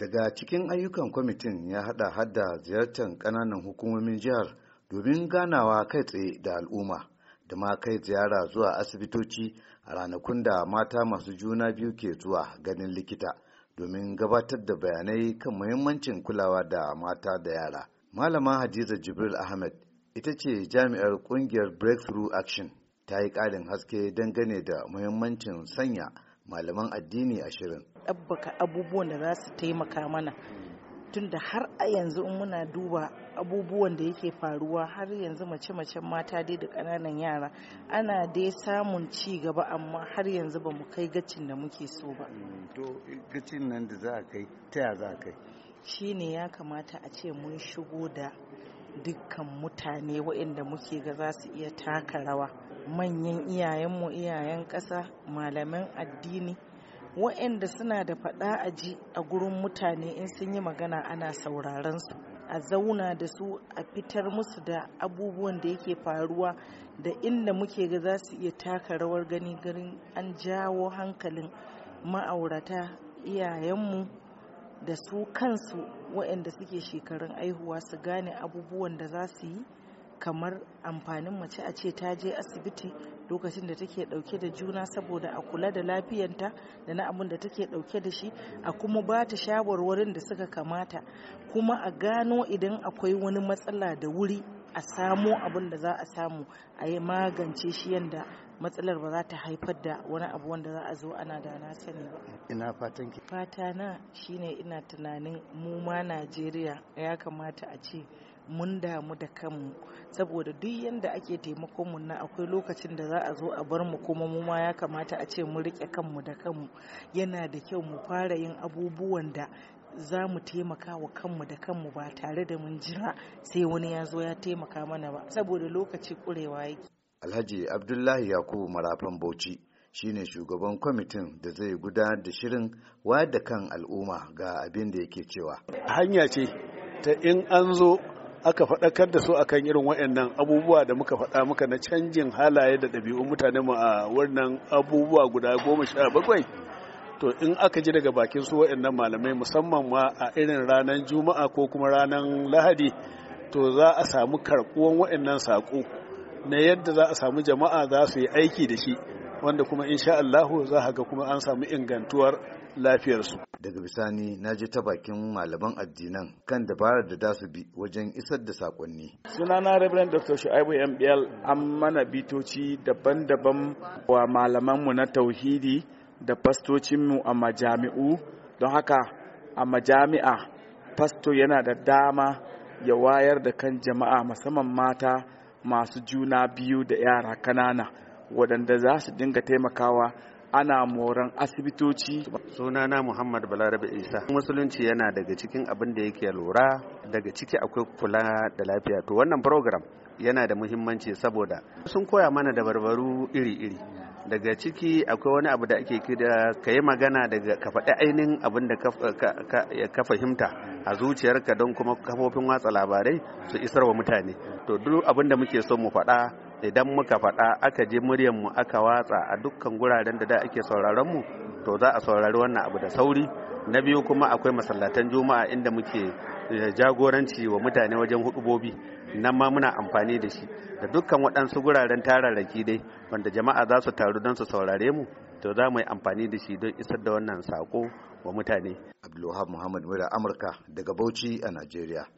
Daga cikin ayyukan kwamitin ya hada hada ziyartar ƙananan hukumomin jihar domin ganawa kai tsaye da al'umma da ma kai ziyara zuwa asibitoci a ranakun da mata masu juna biyu ke zuwa ganin likita domin gabatar da bayanai kan muhimmancin kulawa da mata da yara. Malama Hadiza Jibril Ahmed ita ce jami'ar kungiyar Breakthrough Action ta yi ƙarin haske dangane da muhimmancin sanya malaman addini ashirin ɗabbaka abubuwan da za su taimaka mana tunda har a yanzu in muna duba abubuwan da yake faruwa har yanzu mace-macen mata dai da ƙananan yara ana dai samun ci gaba amma har yanzu ba mu kai gacin da muke so ba mm, to gacin nan da za a kai ta ya za a kai Shi ne ya kamata a ce mun shigo da dukkan mutane waɗanda muke ga za su iya taka rawa manyan iyayenmu iyayen ƙasa malaman addini waɗanda suna da faɗa a ji a gurin mutane in sun yi magana ana sauraron su a zauna da su a fitar musu da abubuwan da yake faruwa da inda muke ga za su iya taka rawar gani garin an jawo hankalin ma'aurata iyayenmu da su kansu waɗanda suke shekarun aihuwa su gane abubuwan da za su yi kamar amfanin mace a ce ta je asibiti lokacin da take dauke da juna saboda a kula da lafiyanta da na abin da take dauke da shi a kuma ba ta shawarwarin da suka kamata kuma a gano idan akwai wani matsala da wuri a samo abin da za a samu a yi magance shi yadda matsalar ba za ta haifar da wani abu wanda za a zo ana da na sani ba. Ina fatan ki. Fata na shine ina tunanin mu ma Najeriya ya kamata a ce mun damu da kanmu saboda duk yadda ake taimakon mu na akwai lokacin da za a zo a bar mu kuma mu ma ya kamata a ce mu rike kanmu da kanmu yana da kyau mu fara yin abubuwan da za mu taimaka wa kanmu da kanmu ba tare da mun jira sai wani ya zo ya taimaka mana ba saboda lokaci kurewa yake alhaji abdullahi yakubu marafan bauchi shine shugaban kwamitin da zai gudanar da shirin wayar da kan al'umma ga abin da yake cewa hanya ce ta in an zo aka faɗakar da su akan irin waɗannan abubuwa da muka faɗa muka na canjin halaye da ɗabi'un mutane mu a wannan abubuwa guda goma sha bakwai to in aka ji daga bakin su waɗannan malamai musamman ma a irin ranar juma'a ko kuma ranar lahadi to za a samu karɓuwan waɗannan saƙo na yadda za a samu jama'a za su yi aiki da shi wanda kuma insha Allahu za ga kuma an samu ingantuwar lafiyarsu. Daga bisani na je ta bakin malaman addinan kan dabarar da za su bi wajen isar da sakonni. Sunana Reverend Dr. Shu'aibu MBL an mana bitoci daban-daban wa malamanmu na tauhidi da fastocinmu a majami'u don haka a majami'a fasto yana da dama ya wayar da kan jama'a musamman mata masu juna biyu da yara kanana. waɗanda za su dinga taimakawa ana moran asibitoci. Sunana Muhammad Balarabe Isa. Musulunci yana daga cikin abin da yake lura daga ciki akwai kula da lafiya. To wannan program yana da muhimmanci saboda sun koya mana da barbaru iri-iri. Daga ciki akwai wani abu da ake kira ka yi magana daga ka faɗi ainihin abin da ka fahimta a zuciyarka don kuma kafofin watsa labarai su isar wa mutane. To duk abin da muke so mu faɗa idan muka faɗa aka je mu aka watsa a dukkan guraren da da ake sauraron mu to za a saurari wannan abu da sauri na biyu kuma akwai masallatan juma'a inda muke eh, jagoranci wa mutane wajen hudubobi nan ma muna amfani da shi da dukkan waɗansu guraren tararraki dai wanda jama'a za su taru don su saurare mu to za mu yi amfani da shi don isar da wannan sako wa mutane. Abdulwahab Muhammad Mura Amurka daga Bauchi a Najeriya.